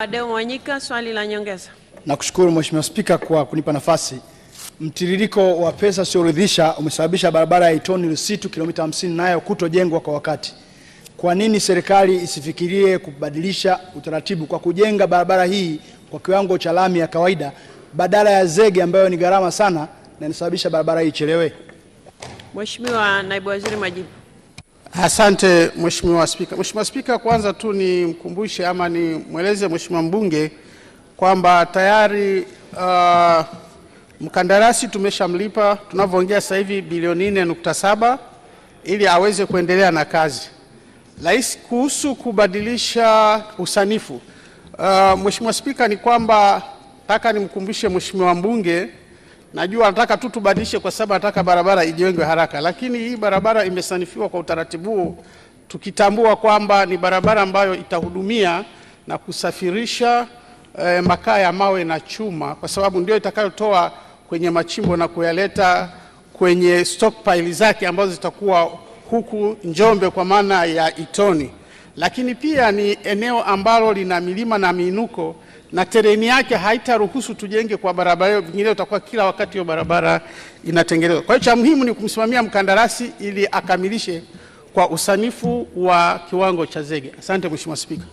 Adeo Mwanyika, swali la nyongeza. Nakushukuru Mheshimiwa Spika kwa kunipa nafasi. Mtiririko wa pesa usioridhisha umesababisha barabara ya Itoni lusitu kilomita 50 nayo kutojengwa kwa wakati. Kwa nini serikali isifikirie kubadilisha utaratibu kwa kujenga barabara hii kwa kiwango cha lami ya kawaida badala ya zege ambayo ni gharama sana na inasababisha barabara hii ichelewe? Mheshimiwa Naibu Waziri, majibu. Asante Mheshimiwa Spika. Mheshimiwa Spika, kwanza tu nimkumbushe ama nimweleze Mheshimiwa mbunge kwamba tayari uh, mkandarasi tumeshamlipa tunavyoongea sasa hivi bilioni 4.7 ili aweze kuendelea na kazi. Rais, kuhusu kubadilisha usanifu uh, Mheshimiwa Spika, ni kwamba nataka nimkumbushe Mheshimiwa mbunge Najua anataka tu tubadilishe, kwa sababu anataka barabara ijengwe haraka, lakini hii barabara imesanifiwa kwa utaratibu huu tukitambua kwamba ni barabara ambayo itahudumia na kusafirisha eh, makaa ya mawe na chuma, kwa sababu ndio itakayotoa kwenye machimbo na kuyaleta kwenye stockpile zake ambazo zitakuwa huku Njombe kwa maana ya Itoni, lakini pia ni eneo ambalo lina milima na miinuko na tereni yake haitaruhusu tujenge kwa barabara hiyo, vingine utakuwa kila wakati hiyo barabara inatengenezwa. Kwa hiyo cha muhimu ni kumsimamia mkandarasi ili akamilishe kwa usanifu wa kiwango cha zege. Asante Mheshimiwa Spika.